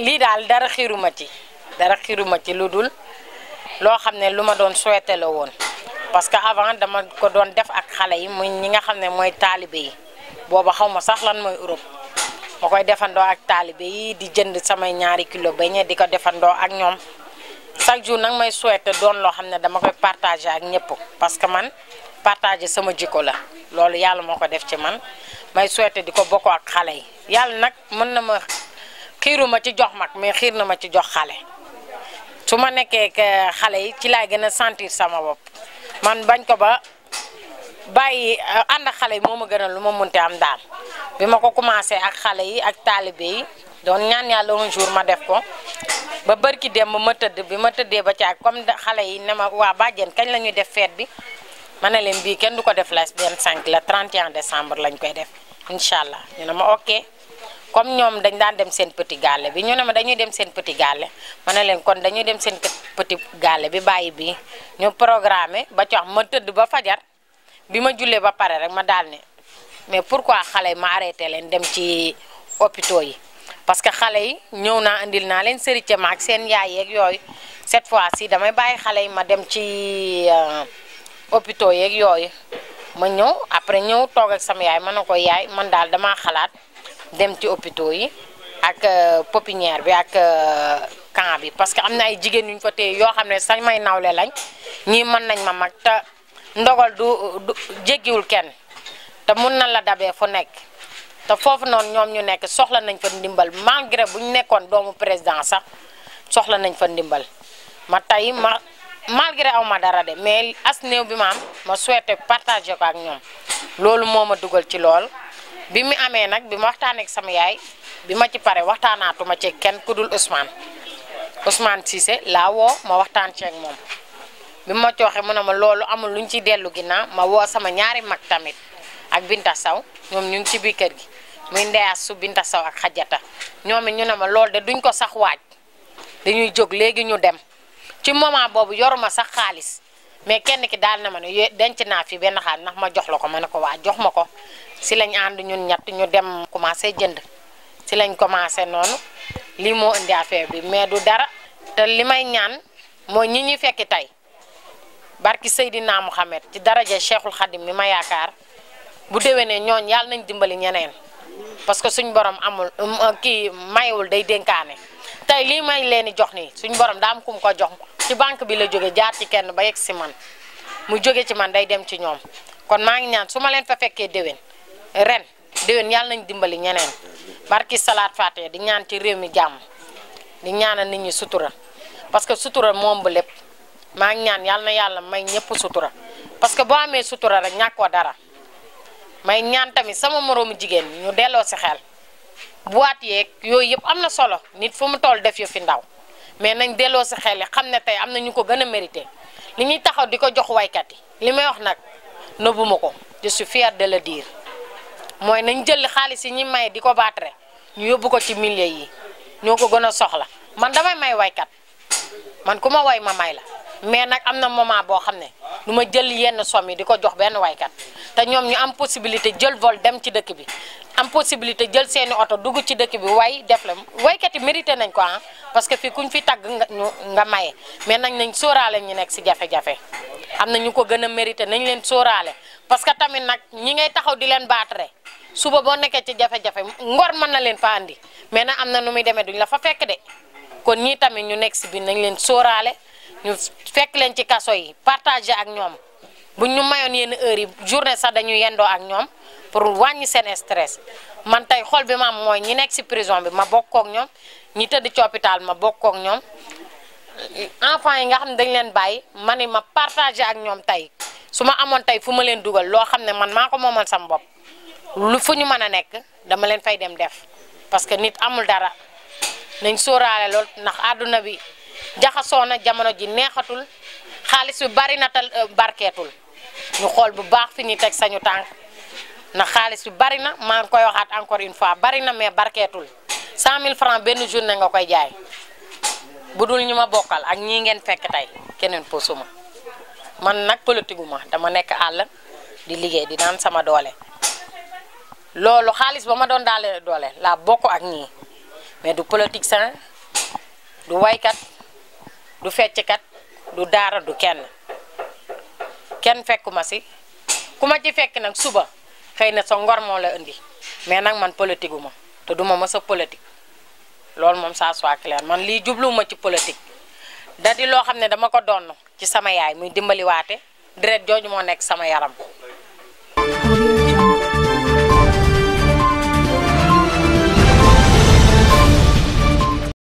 lii daal dara xiiruma ci dara xiiruma ci lu dul loo xam ne lu ma doon souhaité la woon parce que avant dama ko doon def ak xale yi muy ñi nga xam ne mooy taalibe yi booba xaw ma sax lan mooy Europe ma koy defandoo ak taalibe yi di jënd samay ñaari kilo beñe di ko defandoo ak ñoom chaque jour nag may souhaité doon loo xam ne dama koy partagé ak ñëpp parce que man partagé sama jikko la loolu yàlla moo ko def ci man may souhaité di ko bokk ak xale yi yàlla nag mën na ma xiiruma ci jox mag mais xiir na ma ci jox xale su ma nekkee xale yi ci laay gën a sentir sama bopp man bañ ko ba bàyyi a eh, ànd xale yi moo ma a lu ma munte am daal bi ma ko commencé ak xale yi ak taalibe yi doon ñaan yàlla un jour ma def ko ba barki dem ba ma tëdd bi ma tëddee ba caag comme xale yi ne ma waa bàjjen kañ la ñuy def feet bi ma ne leen bii kenn du ko def la 25 la 31 décembre lañ koy def incha allah ñu ne ma ok. comme ñoom dañ daan dem seen petit gaale bi ñu ne ma dañuy dem seen petit gaale ma ne leen kon dañuy dem seen petit gaale bi bàyyi bii ñu programmé ba ci wax ma tëdd ba fajar bi ma jullee ba pare rek ma daal ne mais pourquoi xale yi ma arrêté leen dem ci hôpitaux yi parce que xale yi ñëw naa indil naa leen sërite ma ak seen yaay yeeg yooyu cette fois si damay bàyyi xale yi ma dem ci euh, hôpitaux yeeg yooyu ma ñëw après ñëw toog ak sama yaay ma ne ko yaay man daal damaa xalaat. dem ci hôpitaux yi ak euh, pépinière bi ak euh, camp bi parce que am na ay jigéen ñu fa téye yoo xam ne sax may nawle lañ ñii mën nañ ma mag te ndogal du du jéggiwul kenn te mun na la dabee fu nekk te foofu noonu ñoom ñu nekk soxla nañ fa ndimbal malgré bu ñu nekkoon doomu président sax soxla nañ fa ndimbal ma tey ma malgré aw dara de mais as néew bi ma am ma souhaité partager ko ak ñoom loolu moo ma dugal ci lool. bi mu amee nag bi ma waxtaanee ak sama yaay bi ma ci pare waxtaanaatuma ci kenn ku dul usmaan Ousmane Cissé laa woo ma waxtaan ceeg moom bi ma ci mu ne ma loolu amul luñ ci dellu gi naa ma woo sama ñaari mag tamit ak Binta Saw ñoom ñu ngi ci biir kër gi muy ndeyaas su Binta Saw ak xajata ñoom ñu ne ma lool de duñ ko sax waaj dañuy jóg léegi ñu dem ci moment boobu yoruma sax xaalis mais kenn ki daal na ma ne denc naa fi benn xaal nax ma jox la ko ma ne ko waa jox ma ko si lañ ànd ñun ñett ñu dem commencé jënd si lañ commencé noonu lii moo indi affaire bi mais du dara te li may ñaan mooy ñi ñuy fekki tey barki Seydina Mouhamed ci daraja Cheikhul Khadim mi ma yaakaar bu ne ñooñ yàlla nañ dimbali ñeneen parce que suñ borom amul um, kii mayewul day dénkaane tey lii may leen di jox nii suñ borom daa am kum ko jox ci banque bi la jóge jaar ci kenn ba yegg si man mu jóge ci man day dem ci ñoom kon maa ngi ñaan su ma leen fa fekkee déwén ren déwén yàlla nañ dimbali ñeneen barki salaat faatee di ñaan ci réew mi jàmm di ñaanal nit ñi sutura parce que sutura moom bu lépp maa ngi ñaan yàlla na yàlla may ñëpp sutura parce que boo amee sutura rek ñàkkoo dara may ñaan tamit sama moroomu jigéen ñu delloo si bu boîte yeeg yooyu yëpp am na solo nit fu mu toll def yo fi ndaw mais nañ delloo si xel xam ne tey am na ñu ko gën a mérité li ñuy taxaw di ko jox waykat yi li may wax nag nëbbu ko je fier de la diir mooy nañ jël xaalis yi ñu may di ko baatare ñu yóbbu ko ci millier yi ñoo ko gën a soxla man damay may waykat man ku ma way ma may la mais nag am na moment boo xam ne lu ma jël yenn somme yi di ko jox benn waykat te ñoom ñu am possibilité jël vol dem ci dëkk bi am possibilité jël seeni oto dugg ci dëkk bi waay def la waykat yi mérité nañ ko ah parce que fii kuñ fi tàgg nga ñu nga maye mais nañ nañ sóoraale ñu nekk si jafe-jafe am na ñu ko gën a mérité nañ leen sóoraale parce que tamit nag ñi ngay taxaw di leen baatare suba boo nekkee ci jafe-jafe ngor mën na leen fa andi mais nag am na nu muy demee duñ la fa fekk de kon ñii tamit ñu nekk si biir nañ leen sóoraale ñu fekk leen ci kaso yi partager ak ñoom bu ñu mayoon yenn heure yi journée sax dañu yendoo ak ñoom pour wàññi seen stress man tey xol bi ma am mooy ñi nekk ci prison bi ma bokkook ñoom ñi tëdd ci hôpital ma bokkook ñoom enfants yi nga xam ne dañ leen bàyyi ma ni ma partagé ak ñoom tey su ma amoon tey fu ma leen dugal loo xam ne man maa ko moomal sama bopp lu fu ñu mën a nekk dama leen fay dem def parce que nit amul dara nañ sóoraale lool ndax àdduna bi jaxasoo na jamono ji neexatul xaalis bi bari na tal euh, barkeetul ñu xol bu baax fi ñuy tek sañu tank na xaaliss bi bari na ma ngi koy waxaat encore une fois bari na mais barkeetul 100000 francs benn journée nga koy jaay bu ñuma bokal ma ak ñi ngeen fekk tay keneen posuma man nak politique ma dama nek Allah di liggéey di nan sama doole lolu xaaliss bama don dalé doole la bokk ak ñi mais du politique do du kat du kat du dara du kenn kenn fekkuma si ku ma ci fekk nag suba xëy na sa ngor moo la indi mais nag man politique ma te duma ma sa politique loolu moom saa soit clair man lii jubluwuma ci politique da loo xam ne dama ko doon ci sama yaay muy dimbaliwaate deret jooju moo nekk sama yaram